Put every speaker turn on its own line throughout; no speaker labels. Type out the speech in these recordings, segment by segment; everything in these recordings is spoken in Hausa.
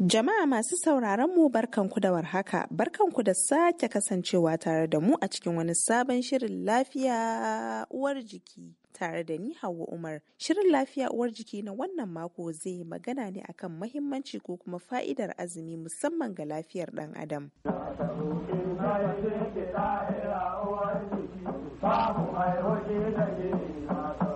Jama'a masu sauraron mu barkanku da warhaka, barkanku da sake kasancewa tare da mu a cikin wani sabon shirin lafiya uwar jiki. Tare da ni Hauwa Umar, shirin lafiya uwar jiki na wannan mako zai yi magana ne akan mahimmanci ko kuma fa'idar azumi musamman ga lafiyar ɗan adam. Babu mai da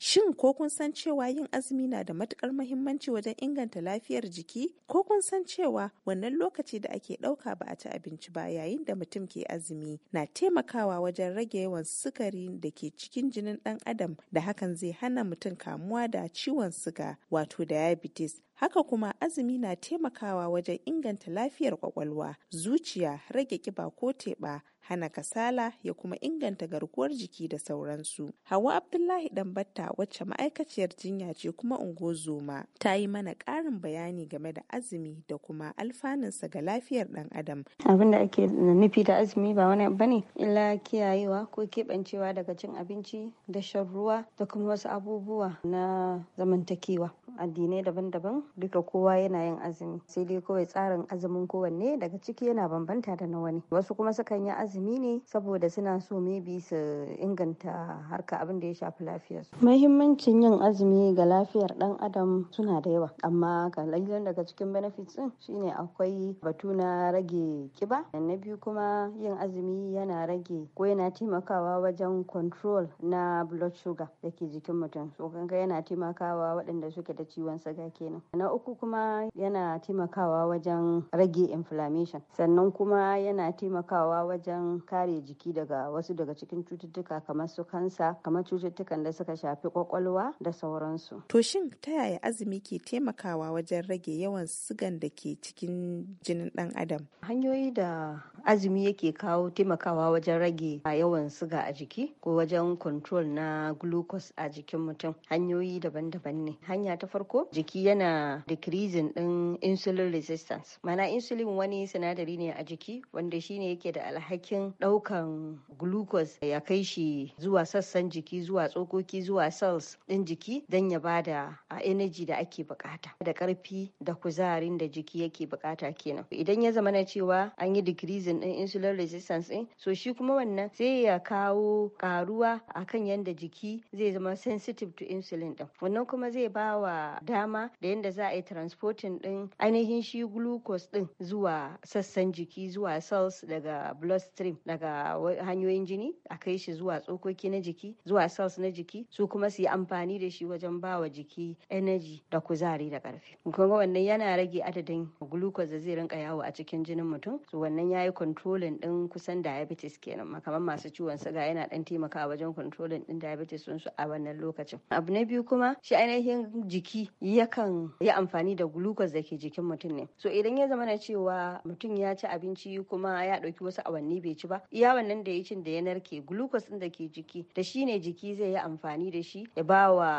Shin ko kun san cewa yin azumi na da matukar mahimmanci wajen inganta lafiyar jiki? Ko kun san cewa wannan lokaci da ake ɗauka ba a ci abinci ba yayin da mutum ke azumi na taimakawa wajen rage yawan sukari da ke cikin jinin ɗan adam da hakan zai hana mutum kamuwa da ciwon suga wato diabetes Haka kuma azumi na taimakawa wajen inganta lafiyar kwakwalwa, zuciya, rage kiba ko teɓa, hana kasala ya kuma inganta garkuwar jiki da sauransu. Hawa Abdullahi Danbatta wacce ma'aikaciyar jinya ce kuma ungozoma ta yi mana ƙarin bayani game da azumi da kuma alfanunsa ga lafiyar ɗan adam. Abin
da ake nufi da azumi ba wani abu bane illa
kiyayewa ko keɓancewa daga cin abinci
da shan ruwa da kuma wasu abubuwa na zamantakewa. addinai daban-daban duka kowa yana yin azumi sai dai kawai tsarin azumin kowanne daga ciki yana bambanta da na wani wasu kuma sukan yi azumi ne saboda suna so maybe su inganta harka abin da ya shafi lafiyarsu muhimmancin yin azumi ga lafiyar dan adam suna da yawa amma kalilan daga cikin benefits din shine akwai batu na rage kiba na biyu kuma yin azumi yana rage ko yana taimakawa wajen control na blood sugar da jikin mutum so yana taimakawa waɗanda suke da ciwon suga kenan na uku kuma yana taimakawa wajen rage inflammation sannan kuma yana taimakawa wajen kare jiki daga wasu daga cikin cututtuka kamar su kansa
kamar cututtukan da suka shafi
kwakwalwa da sauransu to
shin ta yaya azumi ke taimakawa wajen rage yawan sugan da ke cikin jinin ɗan adam hanyoyi
da azumi yake kawo taimakawa wajen rage ah, yawan siga a jiki ko wajen control na glucose a jikin mutum hanyoyi daban-daban ne hanya ta farko jiki yana decreasing din insulin resistance mana insulin wani sinadari ne a jiki wanda shine yake da alhakin daukan glucose ya kai shi zuwa sassan jiki zuwa tsokoki zuwa cells din jiki don ya bada a energy da ake bukata da karfi da kuzarin da jiki yake bukata kenan idan ya zama na cewa an yi decreasing increasing din insulin resistance ɗin so shi kuma wannan zai ya kawo karuwa kan yadda jiki zai zama sensitive to insulin ɗin wannan kuma zai ba wa dama da yadda za a yi transporting ɗin ainihin shi glucose ɗin zuwa sassan jiki zuwa cells daga bloodstream daga hanyoyin jini a kai shi zuwa tsokoki na jiki zuwa cells na jiki su kuma su yi amfani da shi wajen ba wa jiki energy da kuzari da karfi kuma wannan yana rage adadin glucose da zai rinka yawo a cikin jinin mutum so wannan yi. controlling din kusan diabetes kenan kamar masu ciwon suga yana dan taimakawa wajen controlling din diabetes sun su a wannan lokacin abu na biyu kuma shi ainihin jiki yakan yi amfani da glucose da ke jikin mutum ne so idan ya zama na cewa mutum ya ci abinci kuma ya ɗauki wasu awanni bai ci ba iya wannan da ya cin da ya narke glucose din da ke jiki da shi ne jiki zai yi amfani da shi ya ba wa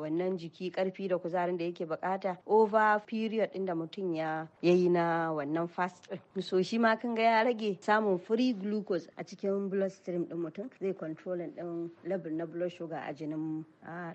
wannan jiki karfi da kuzarin da yake bukata over period din da mutum ya yi na wannan fast so shi ma kan ga ya rage samun free glucose a cikin blood stream din mutum zai controlling din level na blood sugar a jinin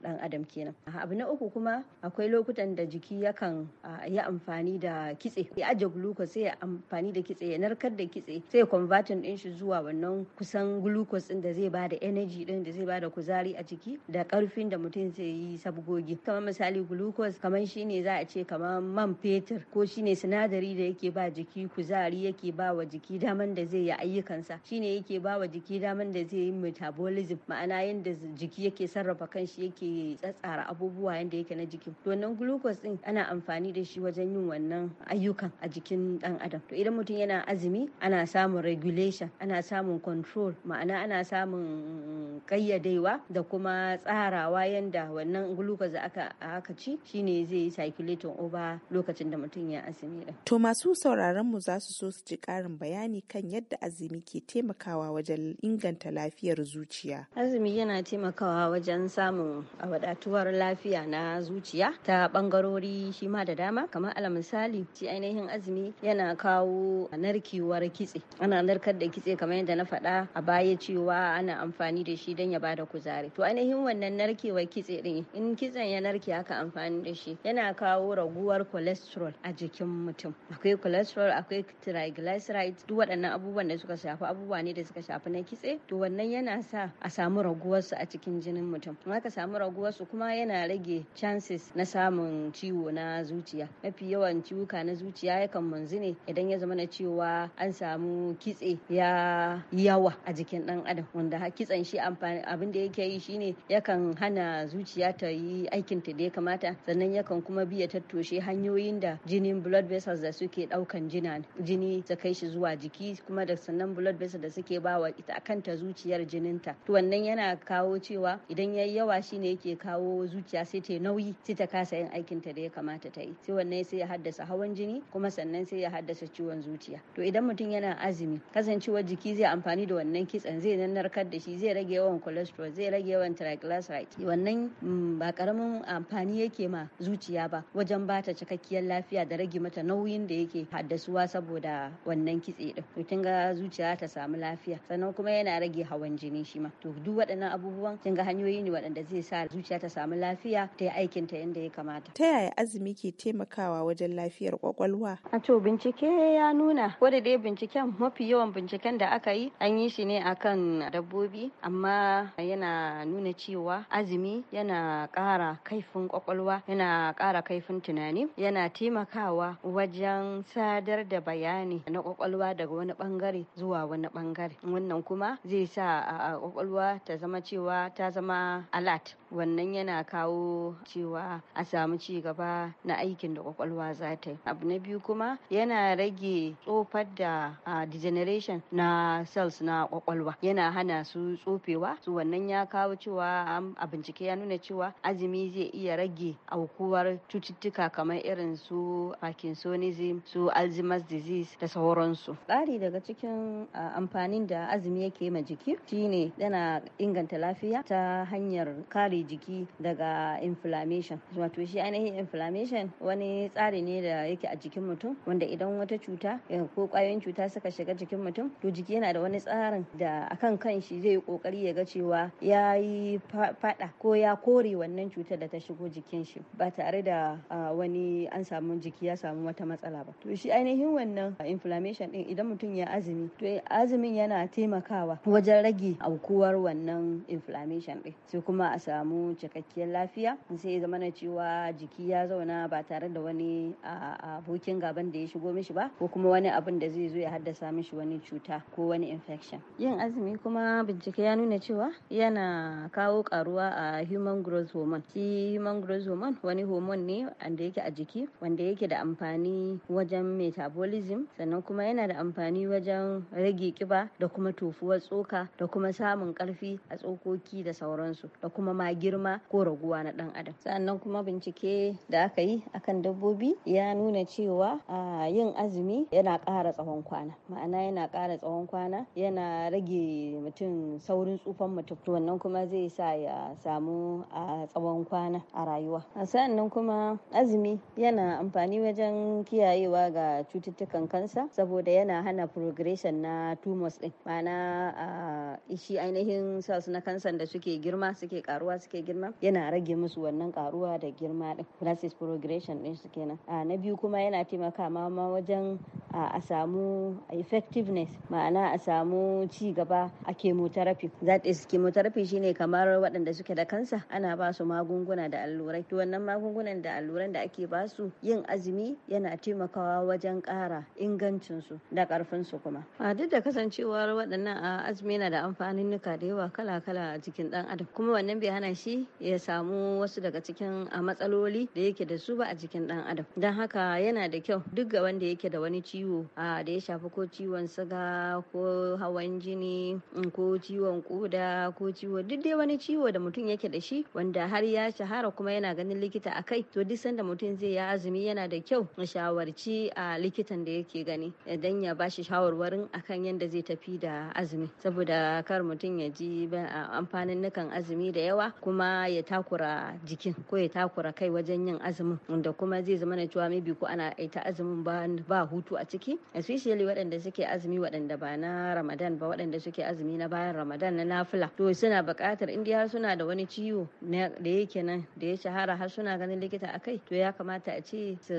dan adam kenan abu na uku kuma akwai lokutan da jiki yakan yi amfani da kitse ya aje glucose sai ya amfani da kitse ya narkar da kitse sai converting din shi zuwa wannan kusan glucose din da zai ba da energy din da zai bada kuzari a jiki da karfin da mutum zai yi sabgogi kamar misali glucose kamar shine za a ce kamar man fetur ko shine sinadari da yake ba jiki kuzari yake ba wa jiki jiki daman da zai yi ayyukansa shine yake ba wa jiki daman da zai yi metabolism ma'ana yadda jiki yake sarrafa kanshi yake tsatsara abubuwa yadda yake na jiki to wannan glucose din ana amfani da shi wajen yin wannan ayyukan a jikin dan adam to idan mutum yana azumi ana samun regulation ana samun control ma'ana ana samun kayyadewa da kuma tsarawa yadda wannan glucose da aka aka ci shine zai yi circulating over lokacin da mutum ya azumi
to masu sauraron mu za su so su ji karin bayani bayani kan yadda azumi ke taimakawa wajen inganta lafiyar zuciya.
Azumi yana taimakawa wajen samun wadatuwar lafiya na zuciya ta bangarori shi ma da dama kamar ala misali shi ainihin azumi yana kawo narkewar kitse ana narkar da kitse kamar yadda na faɗa a baya cewa ana amfani da shi don ya bada kuzari to ainihin wannan narkewar kitse din in kitsen ya narke aka amfani da shi yana kawo raguwar cholesterol a jikin mutum akwai cholesterol akwai triglycerides duk waɗannan abubuwan da suka shafi abubuwa ne da suka shafi na kitse to wannan yana sa a samu raguwarsu a cikin jinin mutum kuma ka samu raguwarsu kuma yana rage chances na samun ciwo na zuciya mafi yawan ciwuka na zuciya yakan manzu ne idan ya zama na cewa an samu kitse ya yawa a jikin dan adam wanda kitsen shi amfani abin da yake yi shine yakan hana zuciya ta yi aikin ta da ya kamata sannan yakan kuma biya tattoshe hanyoyin da jinin blood vessels da suke ɗaukan jini ta kai shi zuwa jiki kuma da sannan blood vessel da suke bawa ita kanta zuciyar jininta to wannan yana kawo cewa idan yayi yawa shine yake kawo zuciya sai ta nauyi sai ta kasa yin aikin ta da ya kamata ta yi sai wannan sai ya haddasa hawan jini kuma sannan sai ya haddasa ciwon zuciya to idan mutum yana azumi kasancewar jiki zai amfani da wannan kitsen zai narkar da shi zai rage yawan cholesterol zai rage yawan triglycerides wannan mm, ba karamin amfani yake ma zuciya ba wajen bata cikakkiyar lafiya da rage mata nauyin da yake haddasuwa saboda wannan kitse kitse din ga zuciya ta samu lafiya sannan kuma yana rage hawan jini shi ma to duk waɗannan abubuwan kin ga hanyoyi ne waɗanda zai sa zuciya ta samu lafiya ta yi aikin ta yadda ya kamata ta yaya azumi ke taimakawa wajen lafiyar kwakwalwa a to bincike ya nuna ko da dai binciken mafi yawan binciken da aka yi an yi shi ne akan dabbobi amma yana nuna cewa azumi yana ƙara kaifin kwakwalwa yana ƙara kaifin tunani yana taimakawa wajen sadar da bayani na kwakwalwa daga wani bangare zuwa wani bangare wannan kuma zai sa a kwakwalwa ta zama cewa ta zama alert wannan yana kawo cewa a samu ci gaba na aikin da kwakwalwa za ta yi abu na biyu kuma yana rage tsofar da degeneration na cells na kwakwalwa yana hana su tsofewa su wannan ya kawo cewa a bincike ya nuna cewa azumi zai iya rage aukuwar cututtuka kamar irin su parkinsonism su alzheimer's disease da sauransu ƙari daga cikin amfanin da azumi yake ma jiki shine yana inganta lafiya ta hanyar kare kare jiki daga inflammation wato shi ainihin inflammation wani tsari ne da yake a jikin mutum wanda idan wata cuta eh, ko kwayoyin cuta suka shiga jikin mutum to jiki yana da wani tsarin da akan kan shi zai yi kokari ya ga cewa ya yi fada ko ya kore wannan cutar da ta shigo jikin shi ba tare da wani an samu jiki ya samu wata matsala ba to shi ainihin wannan inflammation din idan mutum ya azumi to azumin yana taimakawa wajen rage aukuwar wannan inflammation din sai kuma a samu samu cikakkiyar lafiya sai ya zama na cewa jiki ya zauna ba tare da wani abokin gaban da ya shigo mishi ba ko kuma wani abin da zai zo ya haddasa mishi wani cuta ko wani infection yin azumi kuma bincike ya nuna cewa yana kawo karuwa a human growth hormone shi human growth hormone wani hormone ne wanda yake a jiki wanda yake da amfani wajen metabolism sannan kuma yana da amfani wajen rage kiba da kuma tofuwar tsoka da kuma samun karfi a tsokoki da sauransu da kuma magi girma ko raguwa na ɗan adam sannan kuma bincike da aka yi akan dabbobi ya nuna cewa yin azumi yana ƙara tsawon kwana ma'ana yana ƙara tsawon kwana yana rage mutum saurin tsufan mutum wannan kuma zai sa ya samu a tsawon kwana a rayuwa sannan kuma azumi yana amfani wajen kiyayewa ga cututtukan kansa saboda yana hana progression na tumors din ma'ana shi ainihin sa na kansan da suke girma suke karuwa suke girma yana rage musu wannan karuwa da girma din process progression din su kenan na biyu kuma yana taimaka ma wajen a samu effectiveness ma'ana a samu ci gaba a chemotherapy that is chemotherapy shine kamar waɗanda suke da kansa ana ba su magunguna da allurai to wannan magungunan da alluran da ake ba su yin azumi yana taimakawa wajen kara ingancin su da ƙarfin su kuma a duk da kasancewar waɗannan azumi yana da amfanin nuka da yawa kala-kala a jikin ɗan adam kuma wannan bai hana shi ya samu wasu daga cikin a matsaloli da yake da su ba a jikin dan adam don haka yana da kyau duk ga wanda yake da wani ciwo a da ya shafi ko ciwon siga ko hawan jini mm, ko ciwon koda ko ciwo duk dai wani ciwo da mutum yake da shi wanda har ya shahara kuma yana ganin likita a kai to duk sanda mutum zai yi azumi yana da kyau a shawarci a likitan da yake gani idan eh, ya bashi shawarwarin akan yadda zai tafi da azumi saboda kar mutum ya ji amfanin nukan azumi da yawa ko kuma ya takura jikin ko ya takura kai wajen yin azumin wanda kuma zai zama na cewa mai ko ana aita azumin ba hutu a ciki especially waɗanda suke azumi waɗanda ba na Ramadan ba waɗanda suke azumi na bayan Ramadan na nafila to suna buƙatar in har suna da wani ciwo da yake nan da ya shahara har suna ganin likita a kai to ya kamata a ce su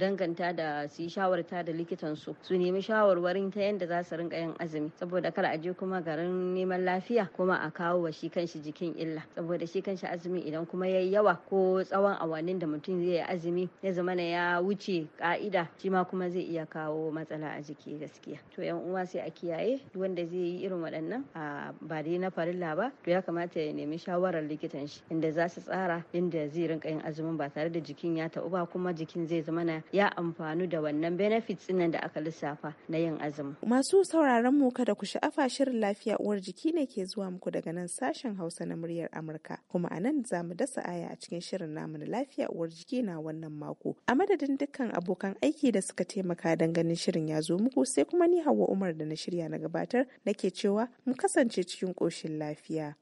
danganta da su yi shawarta da likitan su su nemi shawarwarin ta yadda za su rinka yin azumi saboda kar a je kuma garin neman lafiya kuma a kawo wa shi kanshi jikin illa saboda shi kanshi azumi idan kuma ya yi yawa ko tsawon awannin da mutum zai yi azumi ya zama na ya wuce ka'ida shi ma kuma zai iya kawo matsala a jiki gaskiya to yan uwa sai a kiyaye wanda zai yi irin waɗannan a ba dai na farilla ba to ya kamata ya nemi shawarar likitan shi inda za su tsara inda zai rinka yin azumin ba tare da jikin ya taɓu ba kuma jikin zai zama na ya amfanu da wannan benefits nan da aka lissafa na yin azumi
masu sauraron mu kada ku sha'afa shirin lafiya uwar jiki ne ke zuwa muku daga nan sashen hausa na muryar amurka Amurka. Kuma a nan za mu dasa aya a cikin shirin namu na lafiya uwar jiki na wannan mako. A madadin dukkan abokan aiki da suka taimaka don ganin shirin ya zo muku sai kuma ni Hauwa Umar da na shirya na gabatar nake cewa mu kasance cikin koshin lafiya.